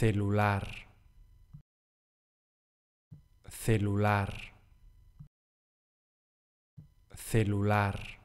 celular celular celular